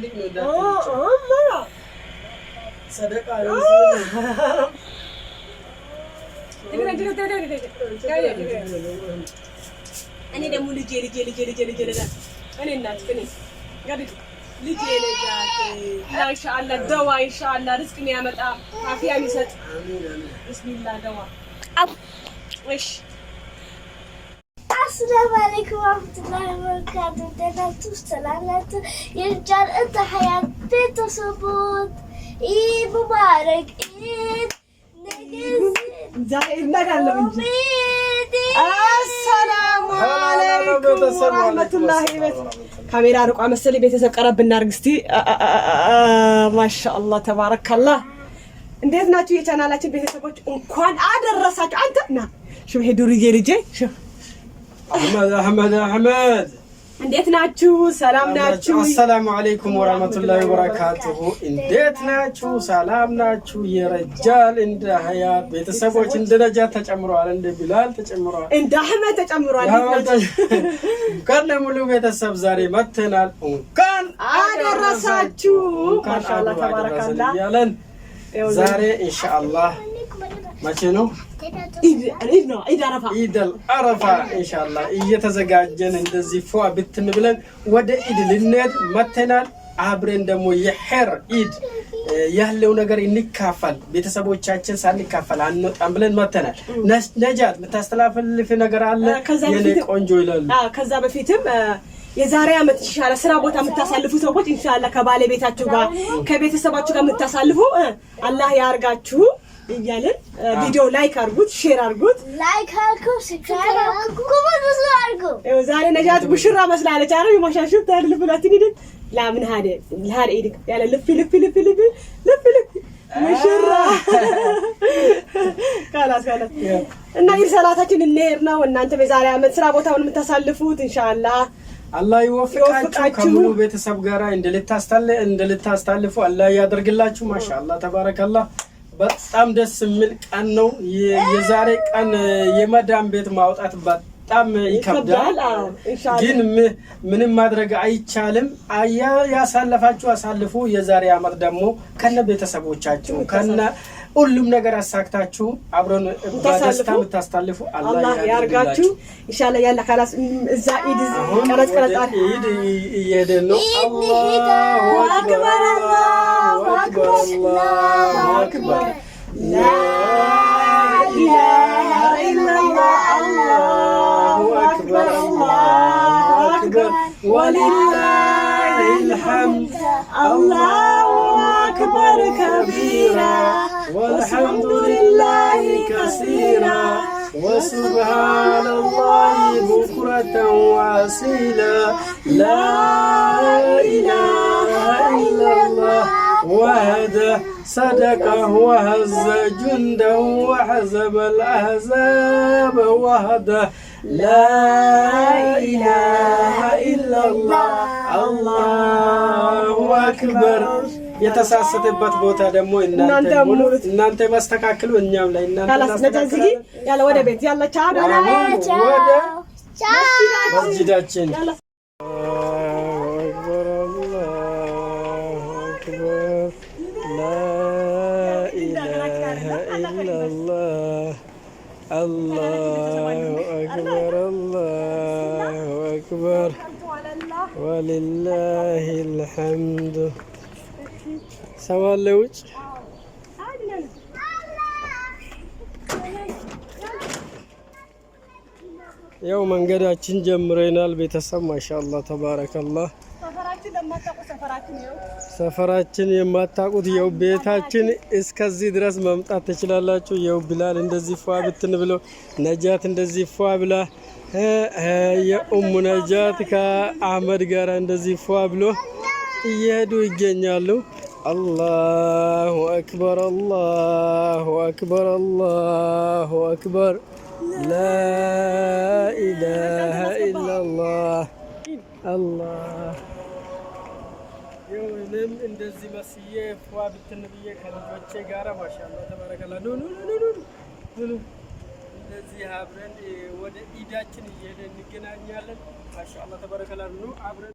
Evlilik mi öderttiğin için? Allah! Sadaka ailesi ani demu lu jeri jeri jeri jeri jeri da ani na tukuni gadi li jeri da insha Allah dawa insha Allah rizqin ya mata afiya misat bismillah dawa ab wish አሰላሙ አለይኩም ወራህመቱላሂ ወበረካቱ። ደህና ናችሁ? ሰላም ናችሁ? የጃር እንተ ሀያት ቤተሰቦች ኢድ ሙባረክ። ኢድ አሰላሙ አለይኩም ወራህመቱላሂ ካሜራ ርቋ መሰለኝ። ቤተሰብ ቀረብ እናድርግ እስቲ። ማሻአላህ ተባረካላህ። እንዴት ናችሁ የቻናላችን ቤተሰቦች? እንኳን አደረሳችሁ። አንተ ና ሽብሄ ዱርዬ ልጄ አህመድ አህመድ አህመድ እንዴት ናችሁ? ሰላም ናችሁ? አሰላሙ አለይኩም ወራህመቱላሂ ወበረካቱሁ። እንዴት ናችሁ? ሰላም ናችሁ? የረጃል እንደ ሀያት ቤተሰቦች እንደ ነጃት ተጨምረዋል፣ እንደ ቢላል ተጨምረዋል፣ እንደ አህመድ ተጨምረዋል። እንኳን ለሙሉ ቤተሰብ ዛሬ መተናል። እንኳን አደረሳችሁ ማሻአላህ ተባረካላ ዛሬ ኢንሻአላህ መቼ ነው አረፋ ኢንሻላህ እየተዘጋጀን እንደዚህ ፏ ብትን ብለን ወደ ኢድ ልንሄድ መተናል። አብረን ደግሞ የሄር ኢድ ያለው ነገር እንካፈል፣ ቤተሰቦቻችን ሳንካፈል አንወጣም ብለን መተናል። ነጃት የምታስተላልፍ ነገር አለ? የኔ ቆንጆ ይላሉ። ከዛ በፊትም የዛሬ ዓመት ኢንሻአላ ስራ ቦታ የምታሳልፉ ሰዎች ኢንሻአላ ከባለቤታችሁ ጋር ከቤተሰባችሁ ጋር የምታሳልፉ አላህ ያርጋችሁ። እያለን ቪዲዮ ላይክ አድርጉት፣ ሼር አድርጉት፣ ላይክ አድርጉት፣ ሼር አድርጉት። ዛሬ ነጃት ሙሽራ መስላለች። አረ ይሞሻሽብ ታድልፍ ብላችሁ ዲድ ላምን ሀደ ለሀደ ኢድክ ያለ ልፍ ልፍ ልፍ ልፍ ልፍ ልፍ ሙሽራ ካላስ ካላስ እና ኢድ ሰላታችን እንሄድ ነው። እናንተ በዛሬ አመት ስራ ቦታውን የምታሳልፉት ኢንሻአላህ አላህ ይወፍቃችሁ። ከሙሉ ቤተሰብ ጋራ እንደልታስታለ እንደልታስታልፉ አላህ ያደርግላችሁ። ማሻአላህ ተባረከላህ በጣም ደስ የሚል ቀን ነው። የዛሬ ቀን የመዳን ቤት ማውጣት በጣም ይከብዳል፣ ግን ምንም ማድረግ አይቻልም። ያሳለፋችሁ አሳልፉ። የዛሬ አመት ደግሞ ከነ ቤተሰቦቻችሁ ከነ ሁሉም ነገር አሳክታችሁ አብረን ደስታ የምታስታልፉ አላህ ያርጋችሁ። ኢንሻላ ያለ ካላስ እዛ ኢድ ቀረጽ ቀረጽ ኢድ እየሄደን ነው። አላሁ አክበር አላሁ አክበር አላሁ አክበር ላ ኢላሃ ኢላላህ አላሁ አክበር አላሁ አክበር ወሊላሂል ሐምድ አላሁ አክበር ከቢራ والحمد لله كثيرا وسبحان الله بكرة وأصيلا لا إله إلا الله وهدى صدقه وهز جنده وحزب الأحزاب وهدى لا إله إلا الله الله أكبر የተሳሰተበት ቦታ ደግሞ እናንተ እናንተ ማስተካከሉ እኛም ላይ እናንተ ታስተካክሉ። ያለ ወደ ቤት ያለ ቻዳ ወደ መስጂዳችን አላሁ አክበር ሰው አለ ውጭ ያው መንገዳችን ጀምረናል። ቤተሰብ ማሻአላ ተባረከላህ። ሰፈራችን የማታቁት የው ቤታችን እስከዚህ ድረስ መምጣት ትችላላችሁ። የው ብላል እንደዚህ ፏ ብትን ብሎ ነጃት እንደዚህ ፏ ብላ የኡሙ ነጃት ከአህመድ ጋር እንደዚህ ፏ ብሎ እየሄዱ ይገኛሉ። Allahu Ekber, Allahu Ekber, Allahu Ekber. La ilahe illallah. Allah. ይሁንም እንደዚህ መስዬ ፏ ብትን ብዬ ከልጆቼ ጋር ማሻላ ተባረከላ ኑ ኑ ኑ ኑ ኑ እንደዚህ አብረን ወደ ኢዳችን እየሄደ እንገናኛለን። ማሻላ ተባረከላ ኑ አብረን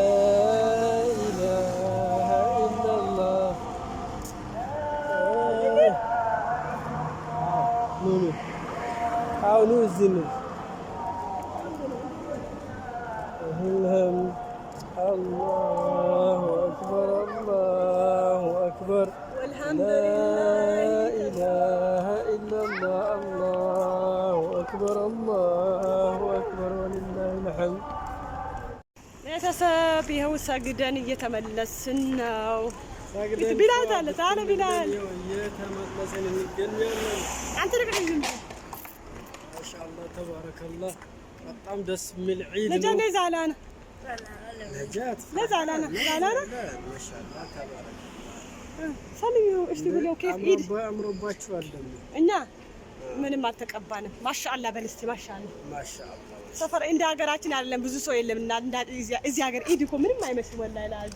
አክበር አላሁ አክበር ወሊላሂ ልሐምድ። ቤተሰብ ይኸው ሰግደን እየተመለስን ነው። ቢላል አለ ታለ ቢላል አንተ ማሻአላ ተባረከላ። በጣም ደስ የሚል ዒድ ነው። ነጃ ዛላና ነጃት ዛላና ዛላና ማሻአላ ተባረከላ። ሰሚዩ እሺ ብሎ ከፍ ዒድ አምሮባችኋል እኛ ምንም አልተቀባንም። ማሻአላ በልስቲ ማሻአላ ማሻአላ ሰፈር እንደ ሀገራችን አይደለም፣ ብዙ ሰው የለም። እና እዚህ ሀገር ኢድ እኮ ምንም አይመስልም። ወላሂ ለአዚ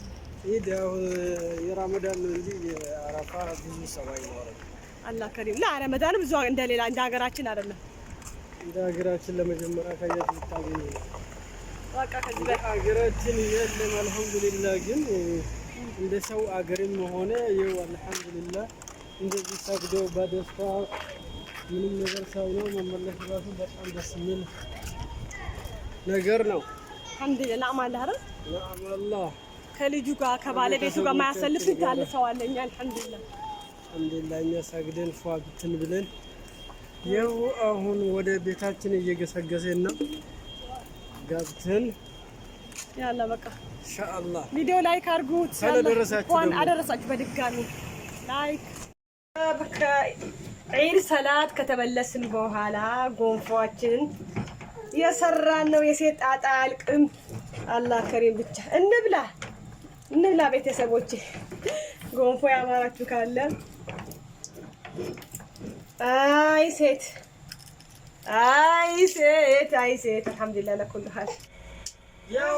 ኢድ አሁን የረመዳን እንጂ አረፋ ብዙ ሰው አይኖርም። አላ ከሪም ላ ረመዳን ብዙ እንደሌላ እንደ ሀገራችን አይደለም። እንደ ሀገራችን ለመጀመሪያ ከየት ልታገኝ ነው? በቃ ከዚህ ሀገራችን የለም። አልሐምዱሊላህ ግን እንደ ሰው አገርም ሆነ ይኸው አልሐምዱሊላህ እንደዚህ ሰግዶ በደስታ ምንም ነገር ሳይኖር መመለስ ራሱ በጣም ደስ የሚል ነገር ነው። አልሐምዱሊላህ ነዓም አላህ አይደል? ነዓም ከልጁ ጋር ከባለቤቱ ጋር ማያሰልፍ ሰው ታልሰዋለኝ። አልሐምዱሊላህ አልሐምዱሊላህ እኛ ሰግደን ፏብትን ብለን ይኸው አሁን ወደ ቤታችን እየገሰገሰን ነው ገብተን ያላ በቃ ኢንሻአላህ ቪዲዮ ላይክ አድርጉት። ስለደረሳችሁ እንኳን አደረሳችሁ በድጋሚ ላይክ ዒድ ሰላት ከተመለስን በኋላ ጎንፏችን የሰራን ነው። የሴት ጣጣ አልቅም። አላህ ከሪም ብቻ እንብላ እንብላ። ቤተሰቦች ጎንፎ ያማራችሁ ካለ አይ ሴት አይ ሴት አይ ሴት አልሐምዱሊላህ ለኩል ሀል ያው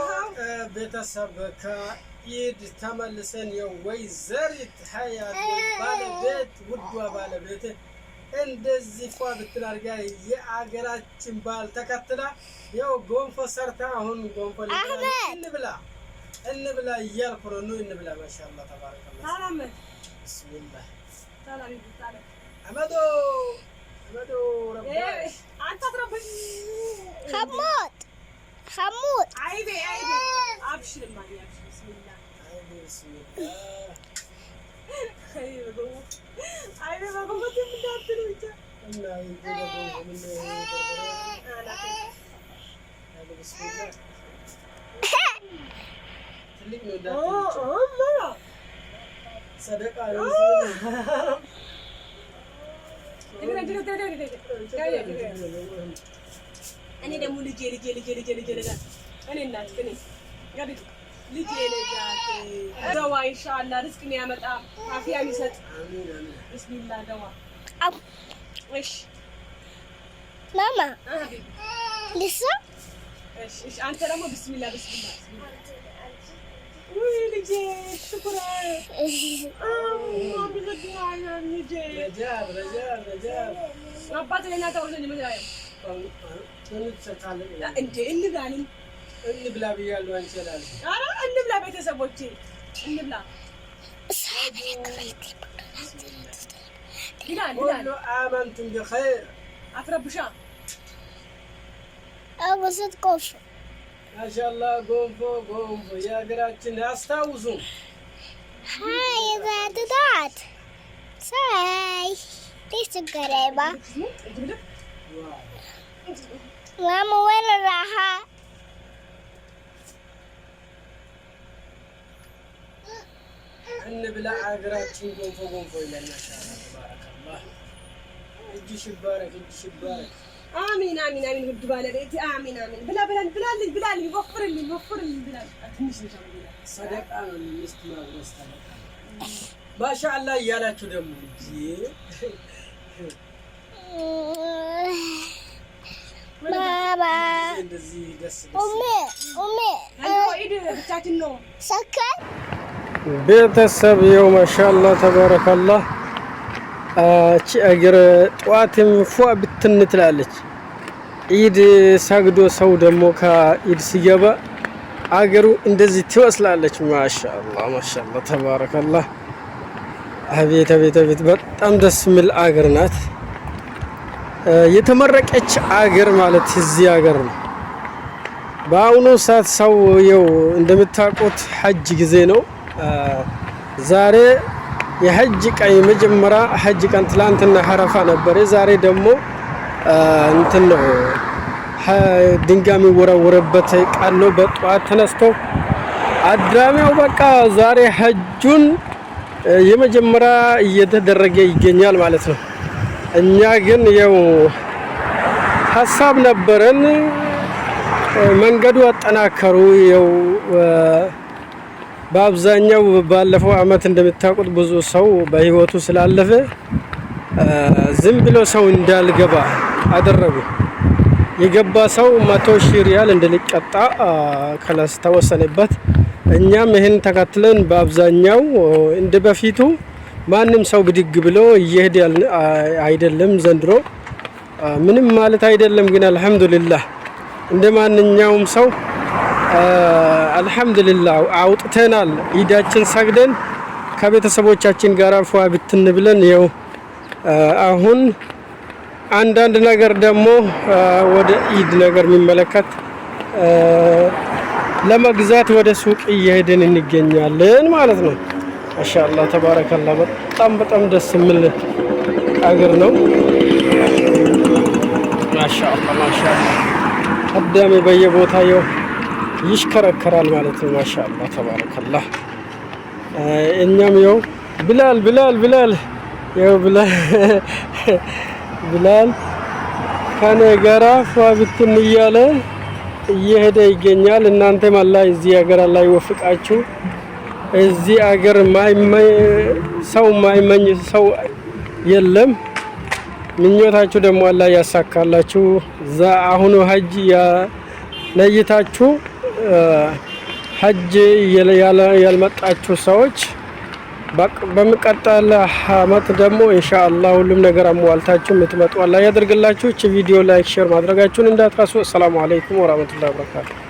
ቤተሰብ ከኢድ ተመልሰን የወይዘሪት ሀያት ባለቤት ውዷ ባለቤት እንደዚህ ፏ ብትላርጋ የአገራችን ባህል ተከትላ ያው ጎንፎ ሰርታ አሁን ጎንፎ እንብላ እንብላ እያልኩ ነው። እንብላ ማሻላ ተባረከላ። ብስሚላ አመዶ አመዶ ሐሞት ሐሞት አይቤ አይቤ አብሽር ማያ ብስሚላ አይቤ ብስሚላ Ayo, aku mati mendapat lucu. Ini udah mulu jeli jeli jeli jeli jeli kan? Ini enak, ini. Gak bisa. ልጅ የነጃት ደዋ ኢንሻአላ ርዝቅን ያመጣ አፍያን ይሰጥ። ብስሚላ ደዋ እሺ ማማ ልሳ እሺ አንተ ደግሞ ብስሚላ ብስሚላ ውይ ልጄ ሽኩራ አባት ለእናትህ አውርደን እንበላለን እንዴ እንጋንም እንብላ ብያለሁ። አንቺ እላለሁ። ኧረ እንብላ፣ ቤተሰቦቼ እንብላ። ሁሉ አመንቱም ብኸይር አትረብሻ። አወሰት ቆፎ ማሻላ ጎንፎ ጎንፎ የሀገራችን አስታውሱ። ሀይ ባትታት ሳይ ችግር አይባ ማሙ ወል ራሃ እንብላ አገራችን ጎንፎ ጎንፎ ይለናል። ተባረከ አላህ እጅሽ ይባረክ፣ እጅሽ ይባረክ። አሚን አሚን አሚን። ውድ ባለቤቴ አሚን አሚን ብላ ብላ ብላልኝ ብላልኝ ወፍርልኝ ወፍርልኝ ብላል። ትንሽ ሰደቃ ነው ሚስት ማብረስ ሰደቃ ማሻአላ እያላችሁ ደግሞ እንደዚህ ደስ ደስ ብቻችን ነው ሰከን ቤተሰብ የው ማሻላ ተባረካላ። እቺ እግር ጠዋትም ፏ ብትን ትላለች። ኢድ ሳግዶ ሰው ደግሞ ከኢድ ሲገባ አገሩ እንደዚህ ትመስላለች። ማሻላ ማሻላ ተባረከላ። አቤት አቤት አቤት! በጣም ደስ የሚል አገር ናት። የተመረቀች አገር ማለት እዚህ አገር ነው። በአሁኑ ሰዓት ሰው የው እንደምታውቁት ሐጅ ጊዜ ነው። ዛሬ የሐጅ ቀን የመጀመሪያ ሐጅ ቀን ትላንትና ሐረፋ ነበር። ዛሬ ደግሞ እንትን ነው ድንጋይ የሚወረወረበት ቀን ነው። በጠዋት ተነስቶ አዳሚያው በቃ ዛሬ ሐጁን የመጀመሪያ እየተደረገ ይገኛል ማለት ነው። እኛ ግን ያው ሀሳብ ነበረን መንገዱ አጠናከሩ ያው በአብዛኛው ባለፈው አመት እንደምታውቁት ብዙ ሰው በህይወቱ ስላለፈ ዝም ብሎ ሰው እንዳልገባ አደረጉ። የገባ ሰው መቶ ሺህ ሪያል እንደሊቀጣ ከለስ ተወሰነበት። እኛም ይህን ተከትለን በአብዛኛው እንደ በፊቱ ማንም ሰው ብድግ ብሎ እየሄድ አይደለም። ዘንድሮ ምንም ማለት አይደለም፣ ግን አልሐምዱሊላህ እንደ ማንኛውም ሰው አልሐምዱሊላህ አውጥተናል። ኢዳችን ሰግደን ከቤተሰቦቻችን ጋር ፏ ብትን ብለን ይኸው አሁን አንዳንድ ነገር ደግሞ ወደ ኢድ ነገር የሚመለከት ለመግዛት ወደ ሱቅ እየሄድን እንገኛለን ማለት ነው። ማሻአላህ ተባረከላ። በጣም በጣም ደስ የሚል አገር ነው። ማሻአላህ ማሻአላህ አዳሜ በየቦታው ይሽከረከራል ማለት ነው። ማሻአላ ተባረከላ። እኛም ይኸው ብላል ብላል ብላል ይኸው ብላል ከኔ ጋራ እያለ እየሄደ ይገኛል። እናንተም አላ እዚህ ሀገር አላ ይወፍቃችሁ። እዚህ አገር ሰው ማይመኝ ሰው የለም። ምኞታችሁ ደግሞ አላ ያሳካላችሁ። ዛ አሁኑ ሀጅ ለይታችሁ ሀጅ ያልመጣችሁ ሰዎች በሚቀጥለው አመት ደግሞ ኢንሻአላህ ሁሉም ነገር አሟልታችሁ የምትመጡ አላህ ያደርግላችሁ። ቪዲዮ ላይክ፣ ሼር ማድረጋችሁን እንዳትረሱ። አሰላሙ አለይኩም ወራህመቱላሂ ወበረካቱ